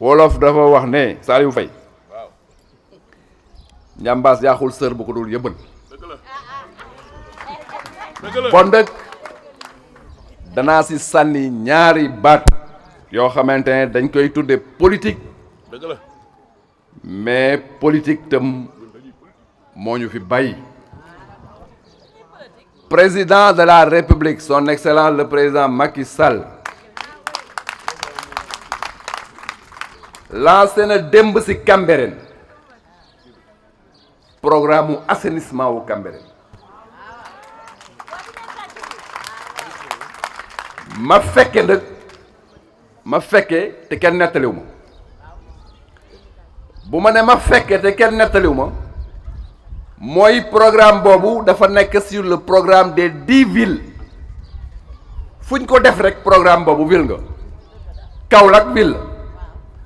wolof dafa wax ne Saliou Faye ya yaaxul sœur bu ko dul yëbbal kon nag dana si sanni ñaari baat politique mais politique tam moñu président de la république son excellent le président Macky Sall lancé na démb ci Cambérène programme mu wu Cambérène ma fekke nag ma fekke te kenn nettaliw ma bu ma ne ma fekke te kenn nettaliw ma mooy programme boobu dafa nekk sur le programme de dix villes fu ñu ko def rek programme boobu ville nga Kaolack ville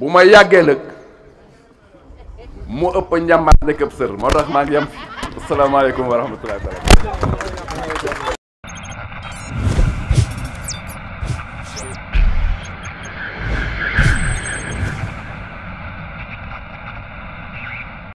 bu ma yàggee nag mu ëpp njàmbaar nekk ab sër moo tax maa ngi yem fi asalaamaaleykum wa rahmatullahi taala